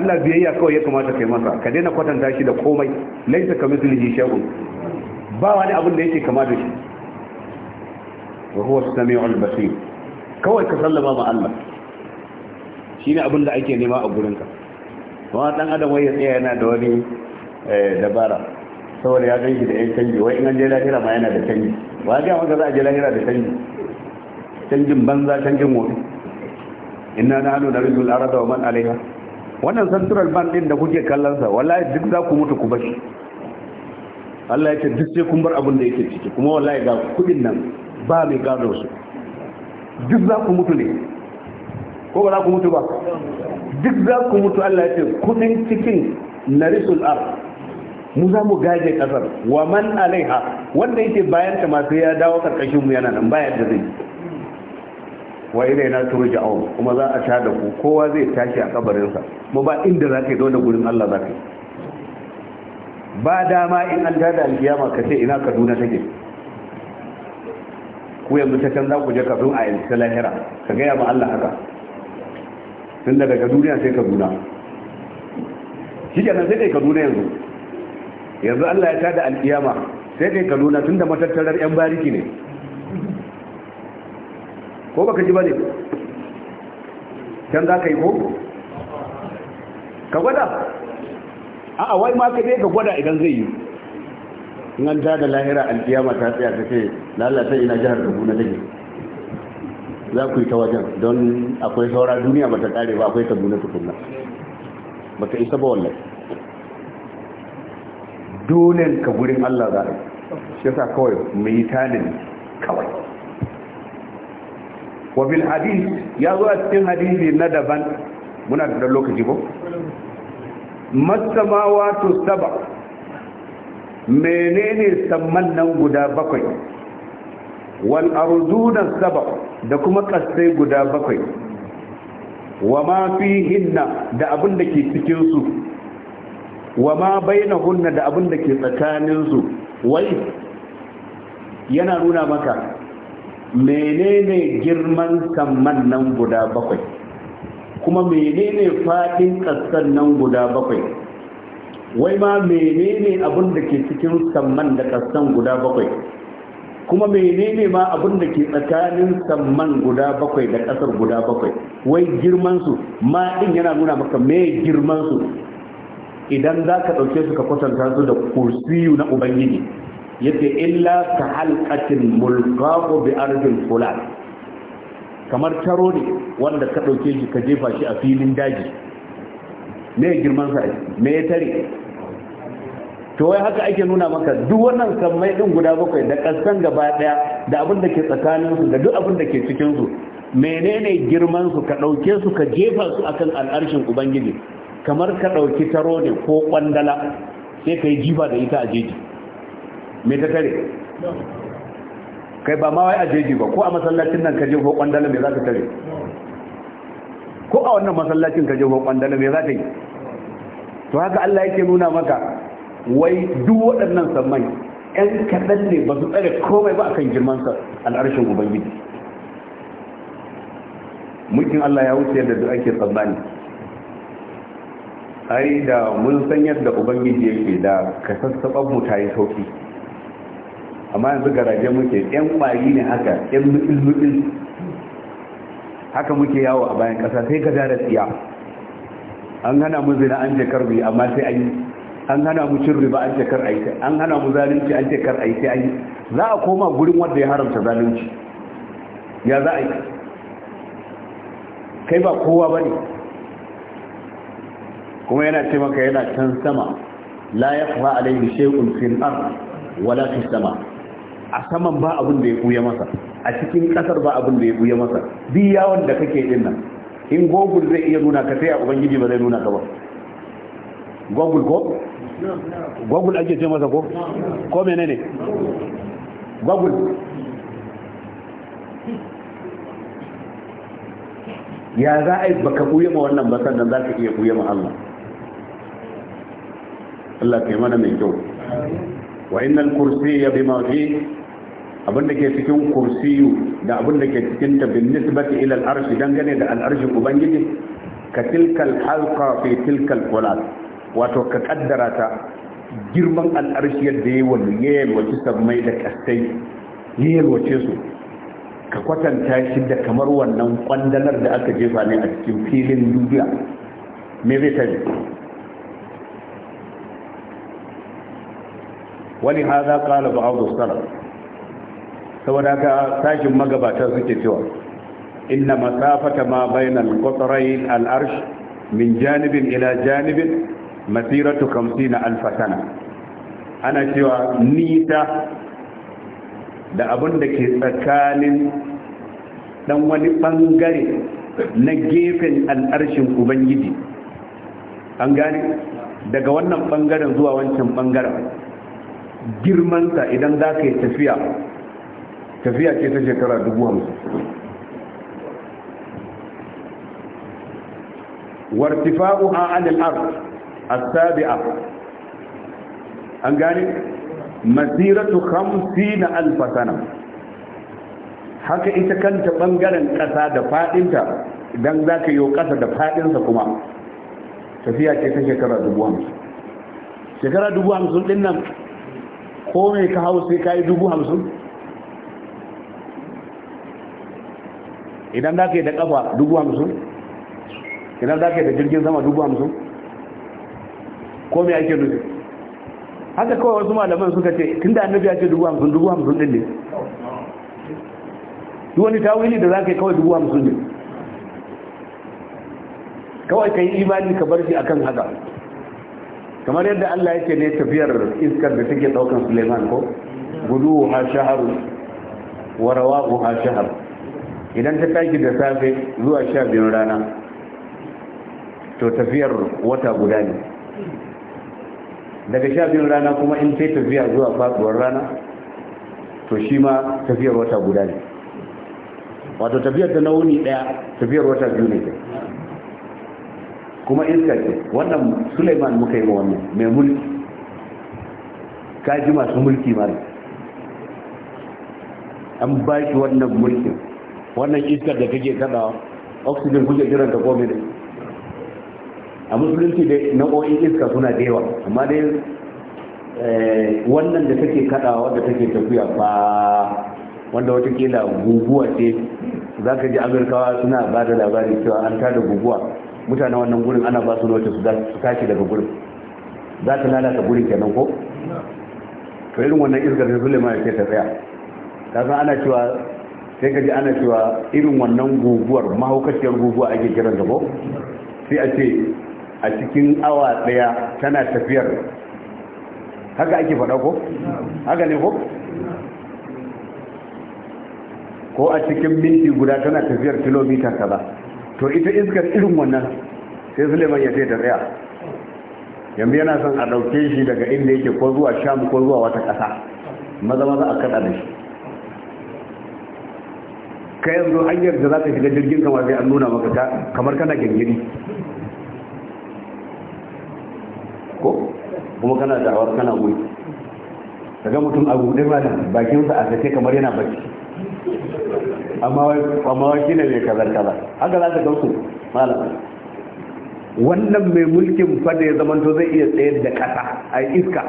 Allah biyayya kawai ya kamata kai masa ka daina kwatanta shi da komai laisa ka mislihi shay'un ba wani abin da yake kama da shi wa huwa as-sami'ul basir kawai ka sallama ma Allah shi ne abin da ake nema a gurinka kuma ɗan adam wai ya tsaya yana da wani eh, dabara saboda ya ganshi da yan canji wai in an je lahira ma yana da canji ba ga maka za a je lahira da canji canjin banza canjin wofi inna na hannu na rijul arada wa man alaiha wannan central bank din da kuke kallon sa wallahi duk za ku mutu ku bashi Allah ya ce duk sai kun bar abin da yake ciki kuma wallahi ga kudin nan ba mai gado su duk za ku mutu ne ko ba za ku mutu ba duk za ku mutu Allah ya ce kudin cikin narisul ar mu za mu gaje kasar wa man alaiha wanda yake bayan ta masu ya dawo karkashin mu yana nan bayan da zai wa ila ina turja'un kuma za a sha da ku kowa zai tashi a kabarinsa mu ba inda za ka yi gurin Allah za ka yi ba dama in an tada alkiyama ka ce ina kaduna take ku yanzu ta can za ku je kafin a yanzu ta lahira ka gaya ma Allah haka tun daga kaduna sai kaduna shi kenan sai kai kaduna yanzu yanzu Allah ya tada alkiyama sai kai kaduna tun da matattarar yan bariki ne ko baka ji bane can za ka yi ko ka gwada a'a wai ma ka je ka gwada idan zai yi in an da lahira alkiyama ta tsaya ta ce lalata ina jihar na take za ku yi ta wajen don akwai saura duniya ba ta kare ba akwai kaduna tukunna ba ta isa ba wallai dole ka gurin allah za a shi yasa kawai mai tanin kawai wa bil hadith ya zo a cikin hadisi na daban muna da lokaci ko to saba' menene samman nan guda bakwai wal arzunan sabab da kuma kasai guda bakwai wa ma fihinna da abin da ke cikin su wa ma bainahunna da abin da ke tsakanin su wai yana nuna maka menene girman samman nan guda bakwai kuma menene fadin kastan nan guda bakwai wai ma menene abin da ke cikin samman da kasan guda bakwai kuma menene ma abin da ke tsakanin samman guda bakwai da kasar guda bakwai wai girman su ma din yana nuna maka me girmansu. idan za ka ɗauke su ka kwatanta su da kursiyu na ubangiji yadda illa ka halkacin mulkaku bi ardin fulan kamar taro ne wanda ka ɗauke shi ka jefa shi a filin daji me girman sa me ya tare to wai haka ake nuna maka duk wannan sammai din guda bakwai da kasan gaba daya da abin da ke tsakanin su da duk abin da ke cikin su menene girman su ka dauke su ka jefa su akan al'arshin ubangiji kamar ka dauki taro ne ko kwandala sai ka yi jifa da ita a jeji me ta tare kai ba ma wai a jeji ba ko a masallacin nan ka je ko kwandala me za ka tare ko a wannan masallacin ka je ko kwandala me za ta yi to haka Allah yake nuna maka wai duk waɗannan samman ‘yan kaɗan ne ba su tsare komai ba a akan girmansa al'arshin ubangiji mulkin Allah ya wuce yadda duk ake tsammani ai da mun san yadda ubangiji yake da ka sassaɓar mu ta yi sauki amma yanzu garaje muke ɗan ƙwari ne haka ɗan mutil mutil-mutil haka muke yawo a bayan ƙasa sai ka da tsiya an hana mu zina an ce kar amma sai an yi an hana mu cin riba an ce kar a yi an hana mu zalunci an ce kar a yi sai an yi za a koma gurin wanda ya haramta zalunci ya za a yi kai ba kowa ba ne kuma yana ce maka yana can sama la ya fa alaihi shay'un fil ard wala fis sama a saman ba abin da ya buya masa a cikin kasar ba abin da ya buya masa Biya da kake din nan in google zai iya nuna ka sai a ubangiji ba zai nuna ka ba google ko google ake ce masa ko ko ne google ya za a yi baka buye ma wannan ba sannan za ka iya buye ma Allah Allah ke mana mai kyau wa innal kursiyya bima fi abin da ke cikin kursiyu da abin da ke cikin ta bin nisbati ila al'arshi dangane da al'arshin ubangiji ka tilkal halqa fi tilkal qulat wato ka kaddara ta girman al'arshi yadda yayi wani yayin wace da kastai yayin wace su ka kwatanta shi da kamar wannan kwandalar da aka jefa ne a cikin filin duniya me zai tabi ولهذا قال بعض السلف saboda ka sashin magabata suke cewa inna masafata ma bainal qatrayn al arsh min janibin ila janibin masiratu 50000 sana ana cewa nita da abin da ke tsakanin dan wani bangare na gefen arshin ubangiji an gane daga wannan bangaren zuwa wancan bangaren girmansa idan za ka yi tafiya tafiya ce ta shekara dubu hamsin wartifa'u a anil ard as-sabi'a an gane masiratu 50 alf sana haka ita kanta bangaren kasa da fadinta idan zaka yi kasa da fadinsa kuma tafiya ce ta shekara dubu hamsin shekara dubu hamsin din nan ko mai ka hau sai ka yi dubu hamsin idan za ka yi da ƙafa dubu hamsin idan za ka yi da jirgin sama dubu hamsin komai ake nufi haka kawai wasu malaman suka ce tun da annabi ya ce dubu hamsin dubu hamsin ɗin ne duk wani tawili da za ka yi kawai dubu hamsin ne kawai ka yi imani ka bar shi akan haka kamar yadda Allah yake ne tafiyar iskar da take daukan Suleiman ko gudu ha shahar wa rawahu ha shahar idan ta tashi da safe zuwa sha biyun rana to tafiyar wata guda ne daga sha biyun rana kuma in ta tafiya zuwa faduwar rana to shi ma tafiyar wata guda ne wato tafiyar ta nauni daya tafiyar wata biyu ne ke kuma iska ce wannan suleiman muka yi wannan mai mulki kaji masu mulki mara an ba shi wannan mulkin wannan iskar da kake kada oxygen kuke jiran ta komai ne a musulunci da nau'o'in iska suna da yawa amma dai eh, wannan da kake kada wanda take tafiya ba wanda wata kila guguwa ce za ka ji amurkawa suna ba da labari cewa an tada guguwa mutane wannan gurin ana ba su nota su tashi daga gurin za ta lalata gurin kenan ko to irin wannan iskar da sulema ya ce ta tsaya ta san ana cewa sai ka ji ana cewa irin wannan guguwar mahaukaciyar guguwa ake kiran da ko sai a ce a cikin awa daya tana tafiyar haka ake faɗa ko haka ne ko ko a cikin minti guda tana tafiyar kilomita kaza to ita iskar irin wannan sai suleiman ya sai ta tsaya yanzu yana son a ɗauke shi daga inda yake ko zuwa sham ko zuwa wata ƙasa maza maza a kaɗa da shi ka yanzu hanyar da za ka shiga jirgin kamar sai an nuna maka ta kamar kana gangiri ko kuma kana da'awar kana wuri daga mutum a buɗe bakin bakinsa a sake kamar yana baki amma wai shi ne mai kazar kaza haka za ka gamsu malam wannan mai mulkin fada ya zamanto zai iya tsayar da ƙasa a iska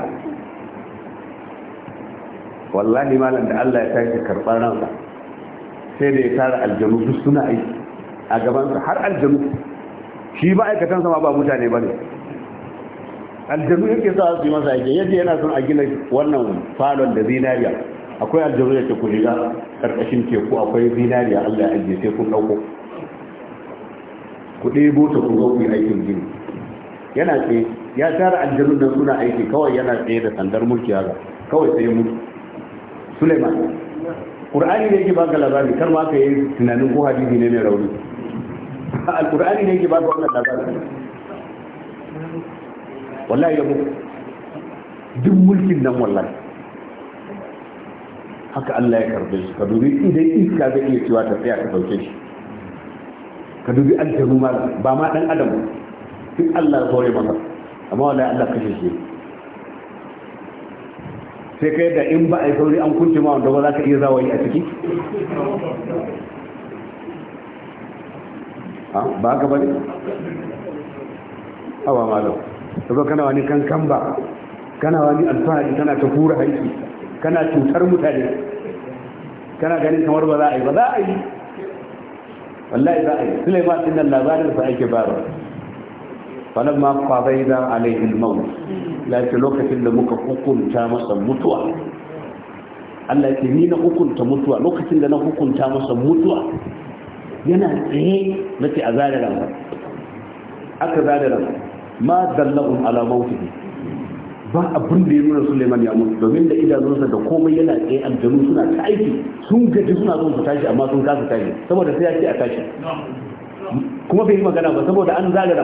wallahi malam da Allah ya tashi karɓar ransa sai da ya tara aljanu duk suna aiki a gabansa har aljanu shi ma'aikatansa sama ba mutane ba ne aljanu yake sa su yi masa aiki yadda yana son a gina wannan falon da zinariya akwai aljanu da ke ku shiga karkashin teku akwai zinariya allah ya ajiye sai kun ɗauko ku ɗebo ta ku zo aikin gini yana ce ya tara aljanu da suna aiki kawai yana tsaye da sandar mulki haka kawai sai mutu suleiman qur'ani ne yake baka labari kar ma ka yi tunanin ko hadisi ne mai rauni alqur'ani ne yake baka wannan labari wallahi ya muku duk mulkin nan wallahi haka Allah ya karbe shi ka dubi idan iska zai iya cewa ta tsaya ka dauke shi ka dubi aljanu ma ba ma dan adam duk Allah ya hore maka amma wallahi Allah kashe shi sai ka da in ba a yi sauri an kunce ma wanda ba za ka iya zawayi a ciki ba ka bane awa malam saboda kana wani kankan ba kana wani alfahari kana ta hura haiki kana cutar mutane kana ganin kamar ba za a yi ba za a yi wallahi za a yi sulaiman din labarin sa ake ba ba falamma qadayna alayhi al-maut lakin lokacin da muka hukunta masa mutuwa Allah ke ni na hukunta mutuwa lokacin da na hukunta masa mutuwa yana tsaye na ce a zare ran aka zare ran ma dallahum ala mautihi ba abin da ya nuna Suleiman ya mutu domin da idanunsa da komai yana tsaye aljanu suna ta aiki sun gaji suna son su tashi amma sun kasa tashi saboda sai ya ce a tashi kuma bai yi magana ba saboda an zare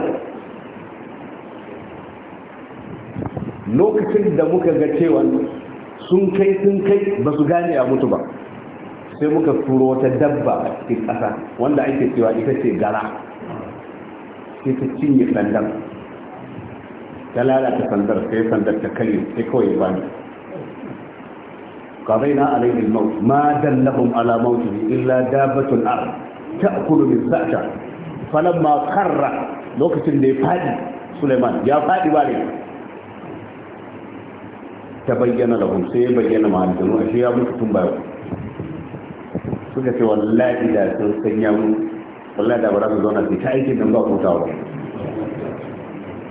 lokacin da muka ga cewa sun kai sun kai ba su gane a mutu ba sai muka turo wata dabba a cikin ƙasa wanda ake cewa ita ce gara sai ta cinye sandar ta lalata sandar sai sandar ta kalli sai kawai ba ni قضينا alamauti الموت illa دلهم a ta kudu دابة sata تأكل ma karra lokacin da ya fadi suleiman ya fadi ba ne. ta bayyana lahum sai ya bayyana ma aljanu a shi ya mutu tun bayan suka ce wallahi da sun sanya mu mutu wallahi da ba za su zauna sai ta aikin nan ba tawo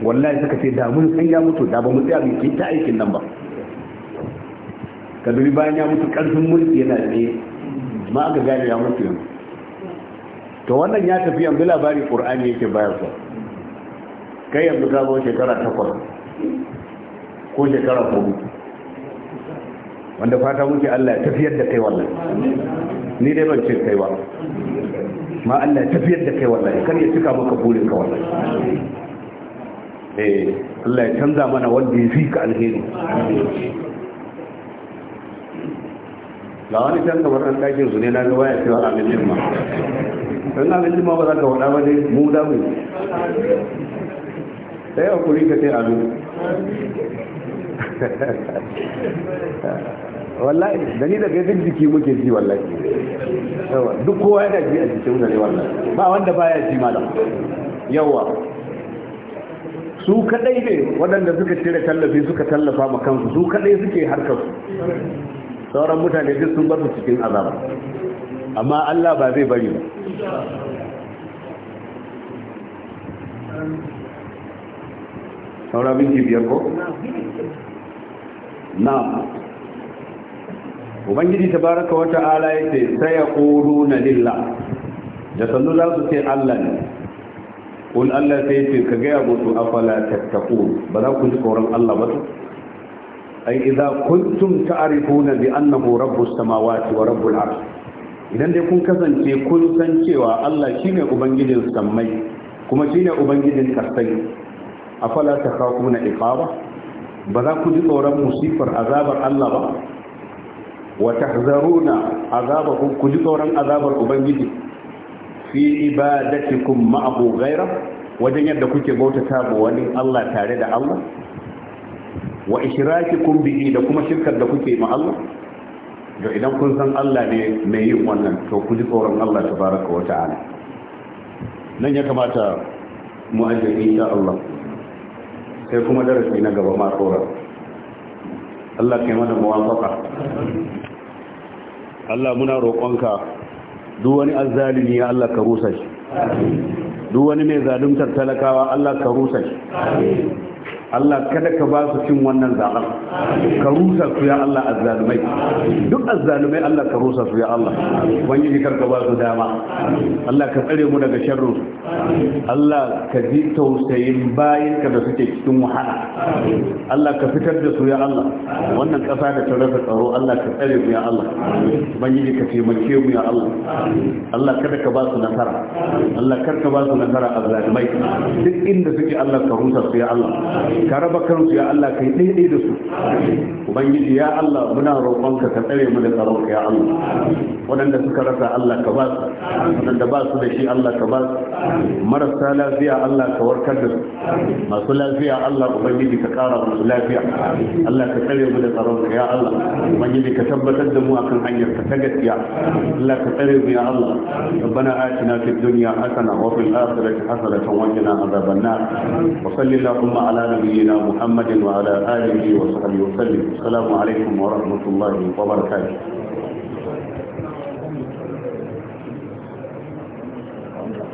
wallahi suka ce da mun san ya mutu da ba mu tsaya mu ta aikin nan ba kaduri bayan ya mutu karfin mulki yana ne ma aka gane ya mutu yanzu to wannan ya tafi yanzu labari qur'ani yake bayar sa kai yanzu ka zo shekara takwas ko shekara hudu wanda fata muke Allah ya tafiyar da kai wallahi ni dai ban ce kai ba ma Allah ya tafiyar da kai wallahi kar ya cika maka burin ka wallahi eh Allah ya canza mana wanda ya fi ka alheri lawani wani can wannan an ɗakin su ne na ga waya cewa amin jimma dan amin jimma ba za ka wada ba ne mu da mu sai hakuri ka ce amin wallahi da ni da kai duk jiki muke ji wallahi yawa duk kowa yana ji a jikin da wallahi ba wanda baya ji malam yawa su kadai ne waɗanda suka cire tallafi suka tallafa ma kansu su kadai suke harkar su sauran mutane duk sun bar su cikin azaba amma Allah ba zai bari ba sauran minti biyar ko na ubangiji ta baraka wata ala ya ce sai ya ƙoro lilla da sannu za su ce allah ne kun allah sai ce ka gaya musu afala tattaku ba za ku ji tsoron allah ba su ai idza kuntum ta'rifuna bi annahu rabbus samawati wa rabbul arsh idan dai kun kasance kun san cewa Allah shine ubangijin sammai kuma shine ubangijin kasai afala takhafuna iqaba ba za ku ji tsoron musifar azabar Allah ba wa tahzaruna azabakum ku ji tsoron azabar ubangiji fi ibadatikum ma'ahu ghaira wajen yadda kuke bautata ba wani Allah tare da Allah wa ishrakikum bihi da kuma shirkar da kuke ma Allah da idan kun san Allah ne mai yin wannan to ku ji tsoron Allah tabaraka wa ta'ala nan ya kamata mu ajiye insha Allah sai kuma darasi na gaba ma tsora Allah ke mana muwafaka Allah muna roƙonka duk wani azzalimi ya Allah ka rusa shi duk wani mai zaluntar talakawa Allah ka rusa shi Allah kada ka ba su cin wannan zaɓar. ka rusa su ya Allah azzalumai duk azzalumai Allah ka rusa su ya Allah ubangiji kar ka ba su dama Allah ka tsare mu daga sharru Allah ka ji tausayin bayan ka da suke cikin wahala Allah ka fitar da su ya Allah wannan ƙasa da ta rasa tsaro Allah ka tsare mu ya Allah ubangiji ka taimake mu ya Allah Allah kada ka ba su nasara Allah kar ka ba su nasara azzalumai duk inda suke Allah ka rusa su ya Allah ka raba kansu ya Allah kai daidai da su ubangiji ya Allah muna roƙonka ka tsare mu da tsaron ya Allah waɗanda suka rasa Allah ka ba su waɗanda ba su da shi Allah ka ba su marasa lafiya Allah ka warkar da su masu lafiya Allah ubangiji ka ƙara musu lafiya Allah ka tsare mu da tsaron ya Allah ubangiji ka tabbatar da mu akan hanyar ka ta gaskiya Allah ka tsare mu ya Allah ربنا آتنا في الدنيا حسنة وفي الآخرة حسنة وقنا عذاب النار وصل اللهم على نبينا نبينا محمد وعلى آله وصحبه وسلم السلام عليكم ورحمة الله وبركاته